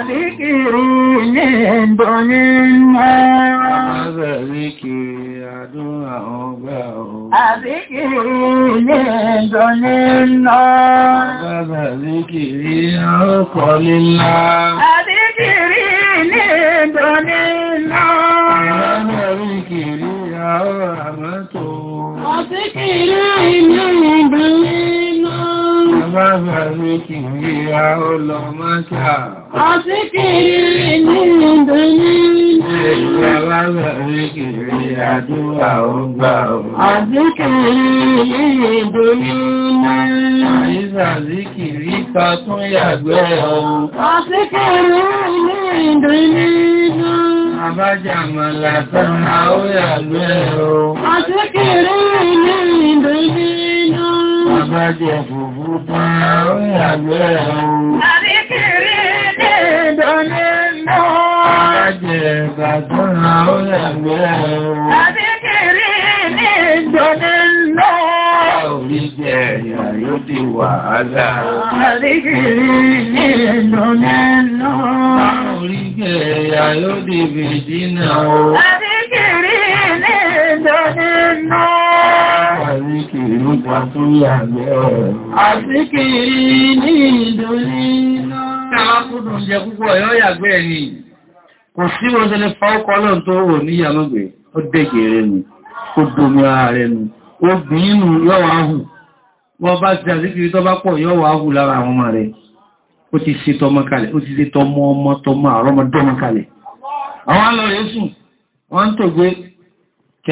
ذكري من دون ni ذكري àdúrà ọgbà ọ̀rọ̀ àzíkìrí ní ẹ̀dọ̀ nínú bàbá àzíkìrí ọ̀pọ̀ nílá àzíkìrí ní ẹ̀dọ̀ nínú bàbá àzíkìrí ọ̀rọ̀mọ́tò àzíkìrí ní ẹ̀dọ̀ nínú bàbá àzíkìrí ọlọ́mọ́tà Àsíkiri ní ìdúní. Èyí alábẹ̀rẹ̀ kìrì àdúrà ó gbà ó. Àsíkiri ní ìdúní náà. Àyíṣà síkiri ká tún yàgbẹ́ ọ. Àsíkiri ní ìdúní náà. Àbájàmọ̀lá tán a ó yàgbẹ́ ọ. Àsíkiri ní ìdúní náà. Àbájẹ̀ fùfú tán a ó yàgbẹ́ dandan nínú. Àjẹ́ ìgbàdúnà ó yàgbẹ́ ẹ̀rùn. Àdíkìrí ní ìjọ nínú. Orí jẹ́ ẹ̀yà yóò di wàhálà. Àdíkìrí ní ìjọ nínú. Orí Àdíkìrí ní ìjọ Àdíkìrí ní ìjọ dùn jẹ púpọ̀ ẹ̀yọ́ yàgbẹ́ ẹni kò sí wọ́n tẹ́lẹ̀ fáwọ́kọ́ lọ́n tó wò ní yàmọ́gbẹ̀ ó dẹ̀gẹ̀ rẹ̀ nù ó domi ara rẹ̀ nù ó bìínú yọ́wà áhù wọ́n bá ti àzíkiri tó bá pọ̀ yọ́wà áhù lára àwọn ọmọ rẹ̀ ó ti ṣe tọmọ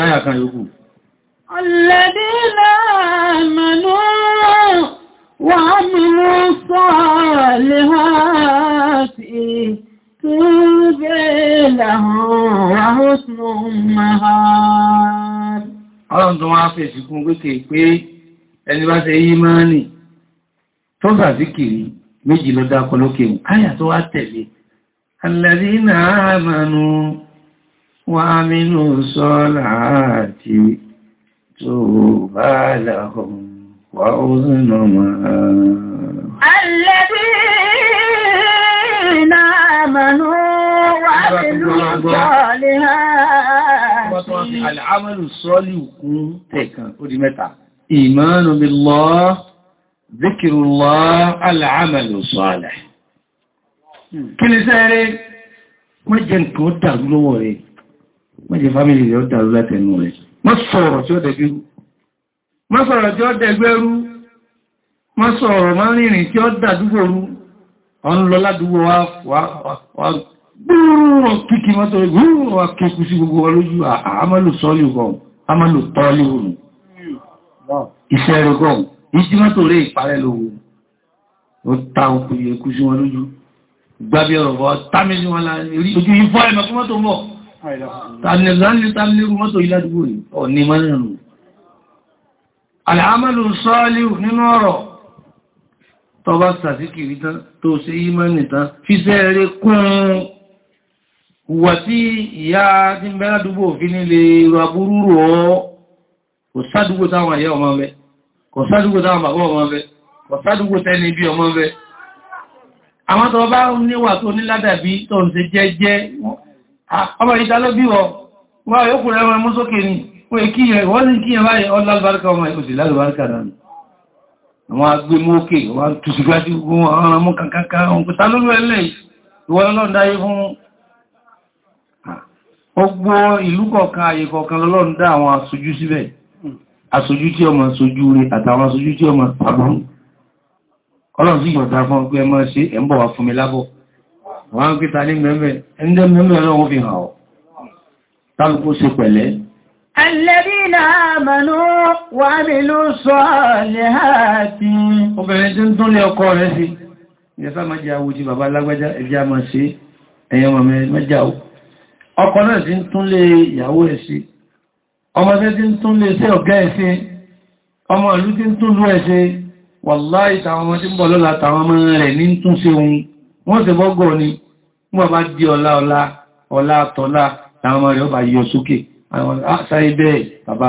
kan yókù wa fèsì fún wékè pé ẹni bá ṣe yí máa nì tó sàfíkìrí méjì ló dákọ lókè mú káyà tó wá tẹ̀lé alladhina amanu wa aminu salati tuba lahum wa uzunu alladhina amanu wa aminu salati wọ́n fi al'amalu sọ́lì kún tẹ̀kan ó di mẹ́ta ìmánu billah zikirullah al'amalu sọ́lẹ̀ hmm. kí ni sẹ́rẹ́ wọ́n jẹ́ nǹkan ó dàrú lọ́wọ́ rẹ̀ wọ́n jẹ́ fámílì rẹ̀ ó dàrú látẹnu rẹ̀ má sọ̀rọ̀ tí ó dẹ̀gbẹ́rú má sọ̀rọ̀ tí ó dẹ̀gbẹ́rú gbúrùrùn kíkí mọ́tò gbúrùrùn wa kíkú sí gbogbo olójú àmọ́lù sọ́lù gọ̀ọ̀n àmọ́lù tọ́lù òun ìṣẹ́rẹ̀ gọ̀ọ̀n ìsí mọ́tò rẹ̀ ìparẹ́ lówó ó ta òkú ìyẹ̀kú sí wọn lójú gbábí ọ̀rọ̀ bọ́ támi sí wọn láàrin ojú yìí fọ́ ẹ̀mọ̀ kí mọ́tò mọ̀ Àlàámàlù sọ́ọ́lù nínú ọ̀rọ̀ tọba sàtíkì rí tó ṣe yí mọ́ nìtán fi sẹ́ẹ̀rẹ́ kún un wà tí ìyá tí ń bẹ́lá dúgbò fi nílé ìrọ̀gbúrú rọ̀ kò sádúgbò táwọn àyẹ́ ọmọ mẹ́ kò sádúgbò táwọn bàbá ọmọ mẹ́ kò sádúgbò tẹ́ni bí ọmọ mẹ́ àwọn tó bá níwà tó ní ládàbí tó ń ṣe jẹ́jẹ́ ọmọ ìta ló bí wọ wọ́n yóò kúrẹ́ ọmọ mú sókè ní wọ́n kíyàn wọ́n ní kíyàn báyìí ọlọ́lọ́bárkà ọmọ ìkòsì lálùbárkà dánù àwọn agbémókè wọ́n tùsùgbájú wọn ọmọ kankankan òǹkúta lórí ẹlẹ́ ìwọ̀n lọ́ndáyé fún gbogbo ìlú kọ̀ọ̀kan àyè kọ̀ọ̀kan lọ́lọ́run dá àwọn aṣojú síbẹ̀ hmm. aṣojú tí ọmọ aṣojú rẹ̀ àtàwọn aṣojú tí ọmọ àbúrú ọlọ́run sí yọ̀dá fún ọgbẹ́ ẹmọ́ ṣe ẹ̀ ń bọ̀ wá fún mi lábọ̀ wọ́n ń píta ní mẹ́mẹ́ ẹ̀ndẹ́ mẹ́mẹ́ ọlọ́run fi hàn ọ́ tálùkù ṣe pẹ̀lẹ́ الذين آمنوا وعملوا الصالحات obìnrin tí ń tún lé ọkọ rẹ̀ mẹ́jáwó ọkọ náà ti ń túnlé ìyàwó ẹ̀ sí ọmọdé ti ń túnlé sí ọ̀gá ẹ̀ sí ọmọ ìlú ti ń túnlú ẹ̀ sí wàláì tàwọn ọmọ tí ń bọ̀ lọ́la tàwọn ọmọ rẹ̀ ní tún sí ohun wọ́n sì bọ́gọ̀ ni wọ́n bá di ọlá ọlá ọlá tọ́lá tàwọn ọmọ rẹ̀ ó bá yọ sókè àwọn àṣáyé ah, bẹ́ẹ̀ bàbá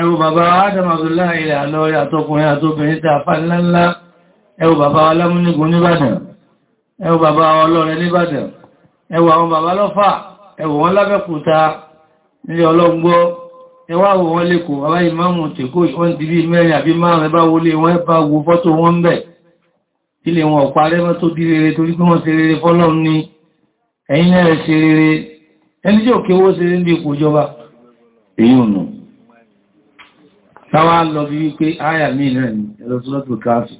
ẹwọ bàbá Adam Abdullahi ilẹ̀ alọ́rẹ́ àtọkùnrin àtọbìnrin tàà fàílá ńlá ẹwọ bàbá alámúnigun nìbàdàn ẹwọ bàbá ọlọ́rẹ́ nìbàdàn ẹwọ àwọn bàbá lọ́fà ẹwọ wọn lábẹ́kúta ní ọlọ́gbọ́ ẹwà wọn lẹ́kọ̀ọ́ bàbá ìmáàmù tèkó wọ́n ti bí mẹ́rin àbí márùn bá wọlé wọn bá wo fọ́tò wọn bẹ̀ ilé wọn ọ̀pá rẹ́mọ́ tó di rere torí pé wọ́n táwa lọ bí wípé àyà mí náà ni ẹlọ́sọ́lọ́tò káàfì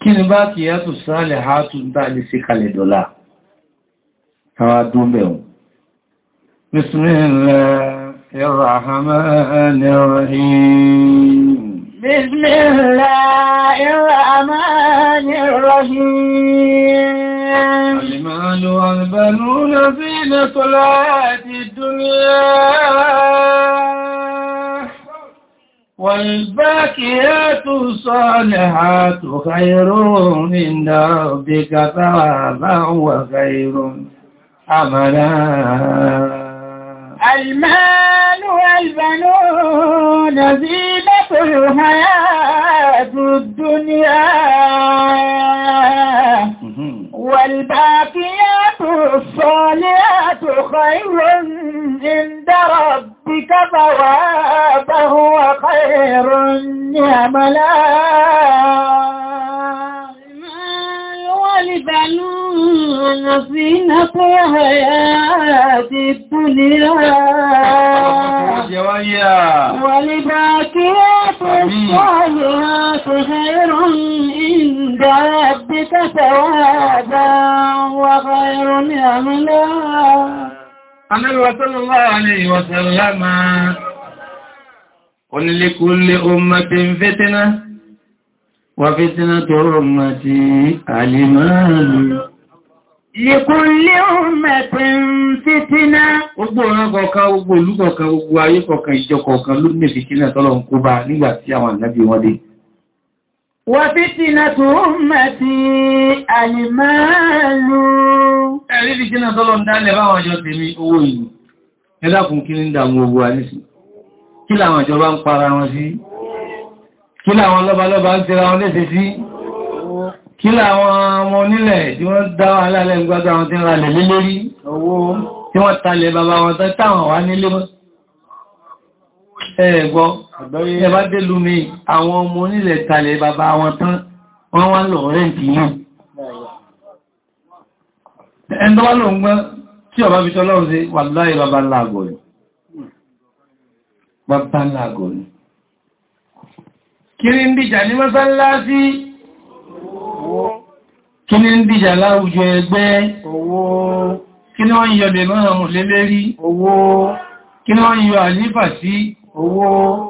kí ni bá kí yàtò sáàlẹ̀ hátù ń tàà lè sí kalẹ̀ dọ́là táwa dún bẹ̀rún Bismillahirrahmanirrahim Bismillahirrahmanirrahim Al-malu wal banuna zinatu l-hayati d-dunya والباقيات الصالحات خير من ربك ثوابا وخير عملا المال والبنون زينة الحياة الدنيا والباقيات الصالحات خير عند ربك ثوابه وخير يعملا ولبنون زينة حياة الدنيا ولباقيات الصالحات خير عند ربك ثوابا وخير يملا نعم Anábíwá sallallahu alayhi wa sallama. Onílékúlé ọmọdé ń fẹ́tẹ́ná, wà fẹ́tẹ́ná tọrọ ọmọdé alìmáàlì. Lékúlé ọmọdé ń fẹ́tẹ́ná. Gbogbo ọ̀rán kọ̀ọ̀kan, gbogbo olú kọ̀ọ̀kan, gbogbo ayé kọ̀ọ̀kan, ìjọ kọ̀ọ̀kan ló ní fìtínà tọ́lọ̀ ń kó bá nígbà àwọn ànábì wọn dé. Wàfítínàtò mẹ́tí àìmáàlú. Ẹ̀rí bí jẹ́nà tọ́lọ ń dálẹ̀ báwọn ọjọ́ tèmi owó ìlú. Ẹlákùn kí ní ìdàmú owó àníṣì. Kí làwọn ìjọba ń para wọn sí? Kí làwọn lọ́balọ́ba ń tẹ́ra wọn léṣe sí? Kí làwọn ọmọ onílẹ̀ tí wọ́n dá alálẹ̀ gbádá wọn ẹbá délú mi àwọn ọmọ onílẹ̀ tàlẹ̀ bàbá wọn tán wọ́n wá lọ rẹ̀ǹtì yàn ẹ̀ndọ́wà lọ gbọ́n tí ọba fi tọ́lọ́run sí wà láì bàbá láàgọ̀ ni bàbá láàgọ̀ ni kiri ń dìjà ní mọ́sálásí kí ni ń dìjà láwùjọ ẹgbẹ́ owó kí ni wọ́n yọ owó kí ni wọ́n yọ àlífà sí owó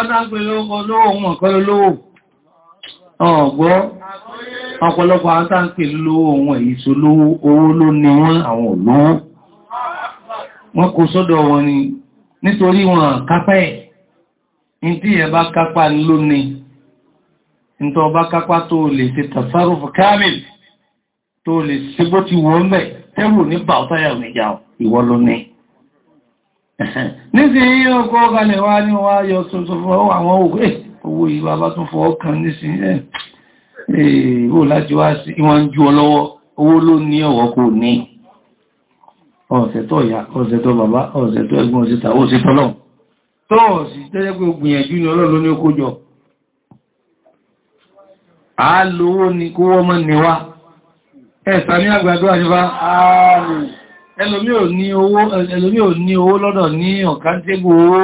adágbé lóòkọ́ lóòhun ọ̀kọ́lọ́ lóòwò ọ̀gbọ́ ọ̀pọ̀lọpọ̀ àtàǹkì lóòhun èyíso owó ló ní wọ́n àwọn olówó wọ́n kò sọ́dọ̀ wọn ni nítorí wọn kápẹ́ ní tí ẹ bá kápá lónìí ní tó bá kápá tó lè ṣe tàṣàrùfù kámìl tó lè ṣe bó ti wọ́n mẹ́ tẹ́rù ní bàtàyà ìwọ lónìí nísìnyí ọkọ̀ ọ̀kalẹ̀ wá ní wá yọ tuntun fún àwọn òwe owó ìwà bá tún fọ́ ọkàn nísìnyí ìwò láti wá sí ìwọ̀n jú ọlọ́wọ́ owó ló ní ọ̀wọ́ kò ní ọ̀sẹ̀ tó ìyá ọ̀sẹ̀ tó bàbá ọ̀sẹ̀ tó ẹgbùn ọ̀sẹ̀ tàwó sí tọ́lọ̀ tó sì tẹ́jẹ́ pé gbìyànjú ní ọlọ́lọ́ ní okó jọ àálòó ni kó wọ́n mọ́ níwá ẹ̀sà ní àgbàdo àjífá ààrùn ẹlòmí ò ní owó lọ́dọ̀ ní ọ̀kántégò owó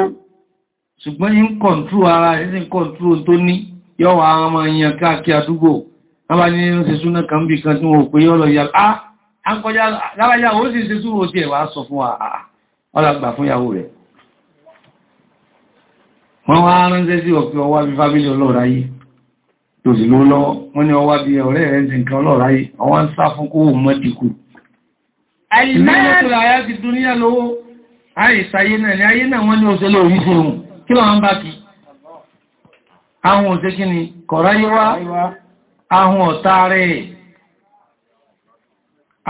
ṣùgbọ́n yí ń kọ̀ntrú ara rẹ̀ sí kọ̀ntrú tó ní yọ́wà àwọn ọmọ èèyàn káàkiri àdúgbò lábá ní ẹnu ṣe súnà kan bí kan tí wọ́n pè yọ́ lọ yà á kọjá lábájá ó sì ṣe súnà tí ẹ̀wà sọ fún ọlàgbà fún ìyàwó rẹ̀ wọ́n wá ránṣẹ́ sí ọ̀pẹ́ ọwá bí fábílì ọlọ́ọ̀rá yìí tó sì Àìlẹ́mọ̀tòrò àyá ti dúníyà lówó, àìsàyé náà ni ayé náà wọ́n ní òṣèlú oríṣẹ́ ohun, kí lọ ń bá kí? Àwọn òṣè kí ni, kọ̀ráyé wá, àwọn ọ̀tá rẹ̀.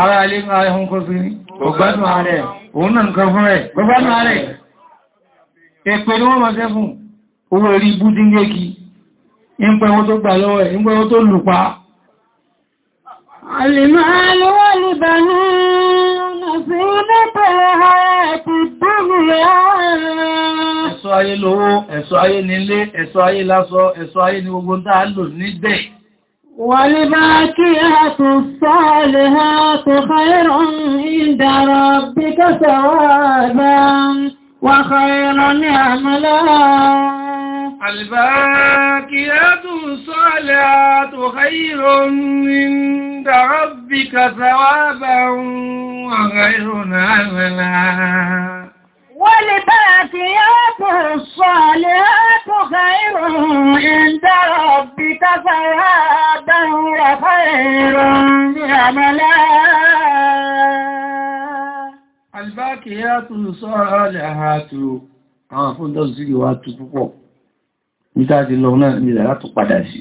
Ara alé ara ẹ̀hún kọ́ sí ní, ọgbádùn ààrẹ, òun náà nǹkan fún rẹ̀, ọgbádùn ààrẹ. Èpè ni wọ́n máa ṣẹ́ fún, owó rí bú díngéki, ń pẹ́ wọn tó gbà lọ́wọ́ ẹ̀, ń pẹ́ wọn tó lùpa. Àlèmọ́ alówó lùbẹ̀nú زينة الحياة الدنيا Ẹ̀ṣọ́ ayé lówó, ẹ̀ṣọ́ ayé nílé, ẹ̀ṣọ́ ayé lásọ, ẹ̀ṣọ́ ayé ni gbogbo dáa lò níbẹ̀. والباقيات الصالحات خير عند ربك ثوابا وخير عملا الباقيات الصالحات خير عند عند ربك ثوابا وغير ناملا والباقيات الصالحات خير عند ربك ثوابا وخير ناملا الباقيات الصالحات àwọn fún dọ́sí ìwà tó púpọ̀ nígbàtí lọ náà nílẹ̀ látò padà sí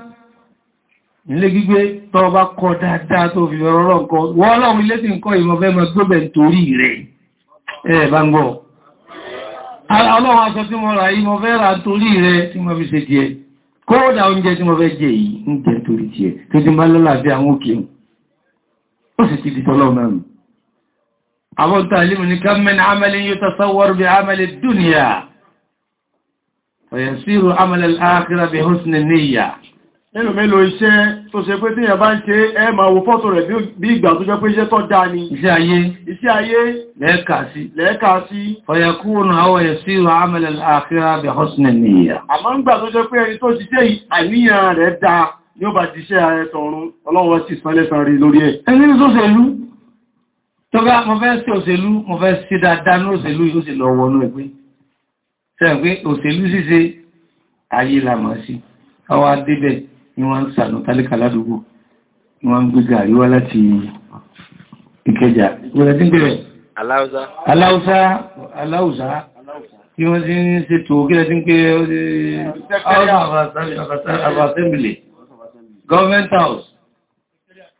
ilé gbígbé tó bá kọ dáadáa tó fi ọ̀rọ̀ nǹkan wọ́n ọlọ́run ilé tí ń kọ́ ìmọ̀ fẹ́mọ̀ gbóbẹ̀ nítorí rẹ̀ ẹ̀ bá ń gbọ́ ọlọ́run aṣọ tí mo rà yí mo fẹ́ rà torí rẹ̀ tí mo fi ṣe díẹ̀ kódà oúnjẹ tí mo fẹ́ jẹ yìí ń jẹ torí tiẹ̀ tó ti nínú mélòó iṣẹ́ tó ṣe pé tí ẹ̀bá ń ṣe ẹ máa wo fọ́tò rẹ̀ bí ìgbà tó jẹ́ pé iṣẹ́ tó dáa ni iṣẹ́ ayé iṣẹ́ ayé lẹ́ẹ̀kà sí lẹ́ẹ̀kà sí fọ̀yẹ̀kúrùn àwọ̀ ẹ̀sí àmìlẹ̀ àfíra bẹ̀ hosnẹ̀ nìyà àmọ́ ń gbà tó jẹ́ pé ẹni tó ṣiṣẹ́ àníyàn rẹ̀ dáa ni ó bá ṣiṣẹ́ ààrẹ tọ̀run ọlọ́wọ́ sì sánlẹ̀sàn rí lórí ẹ̀ sí òṣèlú mo ní wọ́n ń sànú tálíkà ládùúgbò ní wọ́n ń gbé gàrí wá láti Ìkẹjà ìwọ̀n tí ń bẹ̀rẹ̀ aláúsá aláúsá tí wọ́n sí ń ṣètò kílẹ̀ tí ń Government House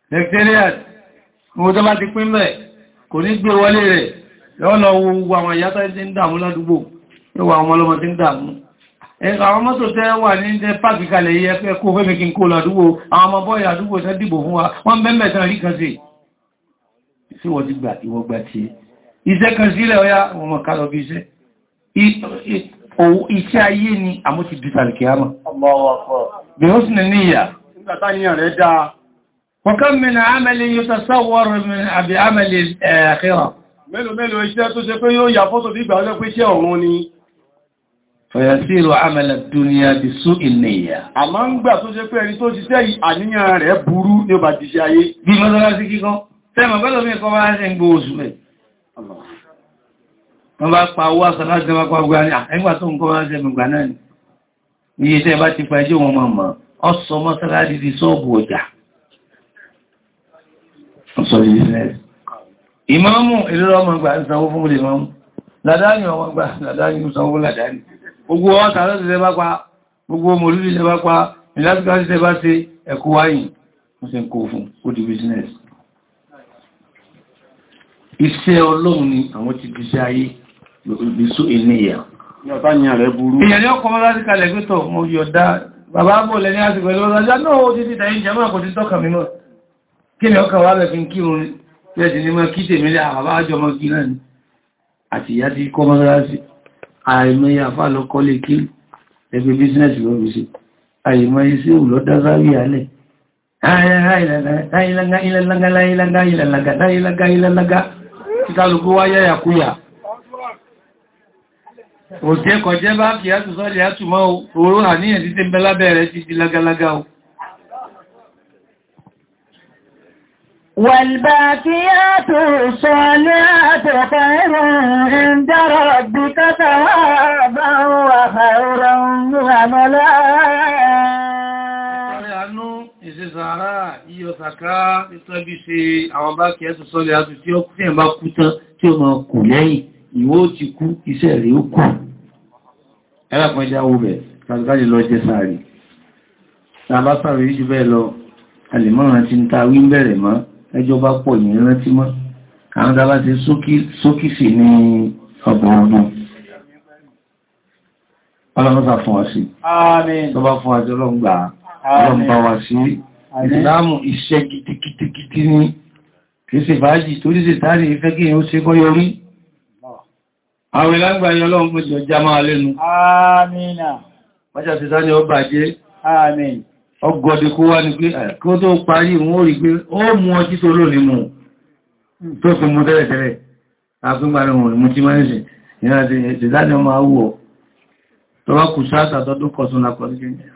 Secretariat mo tó bá ti pín mẹ́ kò ní gbé wọlé rẹ̀ lọ́nà owó àwọn mọ́tò tẹ́ wà ní jẹ́ pàkì kalẹ̀ yẹ fẹ́ kó fẹ́ mẹ́kí kó lọ́dúgbò àwọn ọmọ bọ́ọ̀yà àdúgbò tẹ́ dìbò fún wa wọ́n bẹ́m̀bẹ̀ tán rí kan sí sí wọ́n ti gbà ìwọ gbà tí iṣẹ́ kan sílẹ̀ ọya ọmọ kalọ̀ bí iṣẹ́ iṣẹ́ ayé ni àmọ́ ti dìtàlì kìámà وكم من عمل يتصور من بعمل الآخرة mélòó mélòó iṣẹ́ tó ṣe pé yóò yà fọ́tò bí ìgbà ọjọ́ pé iṣẹ́ ọ̀run Fẹ̀yẹ̀sílò àmẹ́lẹ̀ dúníà bí sún ìnìyà. A máa ń gbà tó ṣe pé ẹni tó ṣiṣẹ́ yìí àníyàn rẹ̀ burú ní ọba ti ṣe ayé. Bí mọ́sánásí kíkan, tẹ́mọ̀ pẹ́lọ̀ mí kọ́ bá ṣe ń gbò oṣù rẹ̀. Wọ́n bá pa owó àsánásí wọ́n pa gbà ní àẹ́gbà tó ń kọ́ bá ṣe gbà náà ni. Iye tẹ́ bá ti pa ẹjọ́ wọn mọ̀ mọ̀, ọsọ mọ́sánásí di sọ́ọ̀bù ọjà. Ìmáàmù ìlú ọmọ gbà ń sanwó fún lè máàmù. Làdáni ọmọ gbà, làdáni ń sanwó làdáni gbogbo ọ́ta lọ́sí tẹ bá pa gbogbo mòlúrí tẹ bá pa ìlàtíkà sí tẹ bá ṣe ẹ̀kọ́ wáyìn wọ́n sì ń kó fún ó di business iṣẹ́ ọlọ́run ni àwọn ti fi ṣe ayé ìgbésó ènìyàn ìyẹ̀lẹ́ ọkọ̀ mọ́ láti kalẹ̀ gbẹ́tọ̀ mo yọ̀dá bàbá bò lẹ́ni àti pẹ̀lú ọjọ́ náà ó ti títà ìjẹmọ́ àkọ̀tí tọ́kà mímọ̀ kí ni ọkà wà lẹ́fin kírun ní ẹ̀sìn ní mọ́ kí tèmílẹ̀ ah, àbájọ́ mọ́ kí náà ni àti ìyá ti kọ́ mọ́ láti àìmọye àfá lọ kọ́lé kí ẹgbẹ́ bísínẹ̀sì lọ́rù sí àìmọye sí ò lọ dázárí alẹ́ Òjẹ́ kọjẹ́ bá kìí àtùsọ́lẹ̀ àtùmọ́ òòrùn àníyàn títí ń bẹ lábẹ́ rẹ̀ ti di lágalágá o. والباقيات الصالحات خير عند ربك ثوابا وخيرا عملا Ìṣẹ́sàárá yíò sàká ìtọ́bí ṣe àwọn bá kìí ẹ̀sùn sọ́lẹ̀ àti tí ó kú fẹ́ bá kú tán tí ó máa kù lẹ́yìn ìwó ti kú iṣẹ́ rẹ̀ ó kù. Ẹlàpọ̀ ẹjá wo bẹ̀, kàtàkàlì lọ jẹ sáàrì. Tàbá ẹjọ́ bá pọ̀ ní rántí mọ́ àwọn tàbá ti sókìsì ní ọgbọ̀n ọdún ọlọ́mọ́sà fún wa sí tó bá fún àjọ lọ́gbà ọlọ́mbà wa sí ìsìláàmù iṣẹ́ kìtìkìtìkìtì ní kìíṣe fàájì tó díṣe tààrí ìfẹ́ kí ó ṣe kọ́ yọrí àwọn ìlàngbà yọ lọ́wọ́n pẹ̀lú ọjà máa lẹ́nu Àmín. Mọ́ṣà ti sáà ni ó bàjẹ́ ọgọ́dé kó wá ní pé kó tó parí wọn ó rí pé ó mú ọjí tó lò ní mú tó fi mú tẹ́lẹ̀tẹ́lẹ̀ àpínparí wọn mú tí mẹ́rìnsì ìrìnàjò ìdájọ́ máa wù ọ tó wá kù sáàtà tọ́dún kọsùn lápọ̀lẹ́gbẹ̀rẹ̀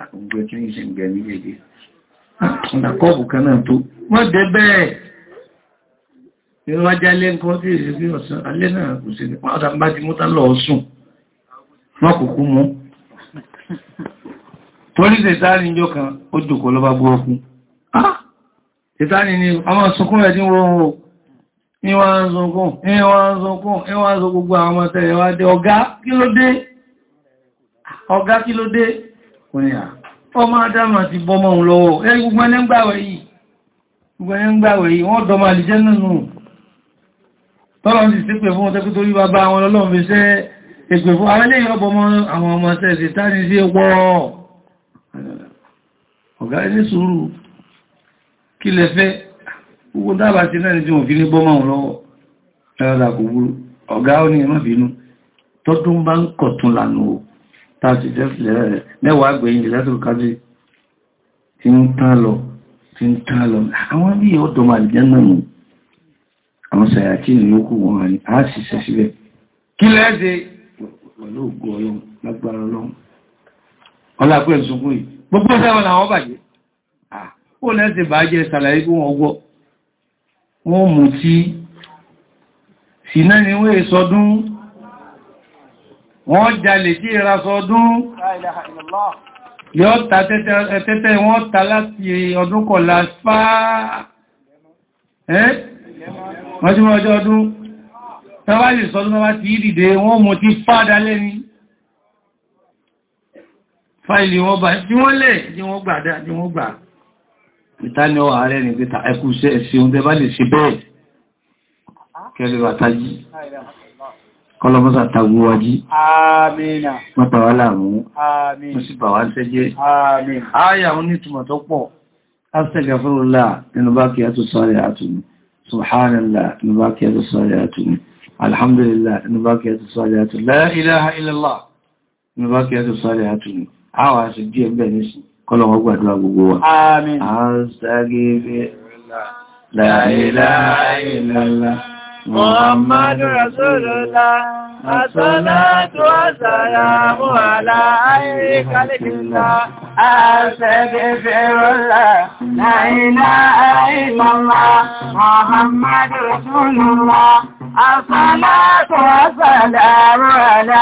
Wọ́n kò kú mú torí tẹ̀tàrí ìjọ kan ó jùkọ́ lọ bá gbọ́ ọkùn ah! tẹ̀tàrí ni a máa sunkún rẹ̀ tí wọ́n ó níwọ̀n sunkún níwọ̀n sunkún níwọ̀n sunkún gbogbo àwọn ọmọ tẹ̀rẹ̀ wá dé ọ̀gá kí ló dé ọ̀gá kí ló dé ọmọ adámà ti bọ́mọ̀ òun lọ́wọ́ ẹ gbogbo ẹni ń gbàwẹ̀ yìí gbogbo ẹni ń gbàwẹ̀ yìí wọ́n dọ́mà àlìjẹ́ nínú tọ́lọ́n ti sípẹ̀ fún ọ̀tẹ́kú torí bàbá àwọn ọlọ́run fi ṣẹ́ èpè àwọn ilé ìrọ́bọmọ àwọn ọmọ tẹ̀sẹ̀ tá ní sí ẹgbọ́ọ̀ ọ̀gá ilé sùúrù kí lẹ fẹ́ gbogbo dábà sí náà tí wọ́n fi ní bọ́mọ̀ lọ́wọ́ ẹ̀rọ̀dà kò burú ọ̀gá ó ní ẹmọ́ bínú tọ́dún bá ń kọ̀tún lànà o tàbí jẹ́sìlẹ̀ mẹ́wàá ni ó a sì ṣe síbẹ̀ kí lẹ́ẹ̀dẹ̀ pẹ̀lú ògùn ọlọ́run lágbára ọlá pẹ̀lú sunkún yìí gbogbo sẹ́wọ̀n làwọn bàjẹ́ ó lẹ́sẹ̀ bàjẹ́ sàlàyé bí wọ́n gbọ́ wọ́n mú tí sínà ni wọ́n sọdún wọ́n jalè tí ìra sọdún yọ́ ta tẹ́tẹ́ wọ́n ta láti ọdún kọ̀lá fáà ẹ́ wọ́n tí wọ́n ọjọ́ ọdún tọ́wàlì sọdún wọ́n fáìlì wọn bá tí wọ́n lẹ̀ tí wọ́n gbà dáa tí wọ́n gbà ìtàní ọwà ààrẹ ní pẹ́ta ẹkù ṣe ẹ̀ṣẹ́ oúnjẹ bá lè ṣe bẹ́ẹ̀ kẹlẹ̀ bàtàjí kọlọmọ́sà tàgbó wájí mọ́tàwà láàmú mọ́ sí bàwà ń tẹ́jẹ́ ààyà wọn àtúnú alhamdulillah nínú bá àtúnú la ilaha illallah nínú àtúnú àwọn aṣojú ẹgbẹ́ nísìn kọ́lọ̀wọ́ gbàdúrà gbogbo wa. Àmín. a ń sáré rẹ̀ láìláìlàlá Muhammadu Rasulullah Asọ́látò àṣàrà mú àlá àìrí kálẹ̀kìlá, a ṣẹ́gẹ́ fẹ́rọ́lá, láìláìlọ́lá, Muhammadu Rasulullah, Asọ́látò àṣàrà mú àlá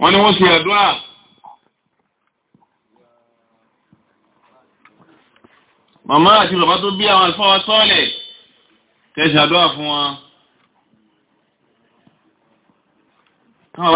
Wọ́n ni wọ́n ṣe àdúrà. Màmá àti bàbá tó bí àwọn alfáwà sọ́ọ̀lẹ̀, kẹ́ ṣe fún wọn.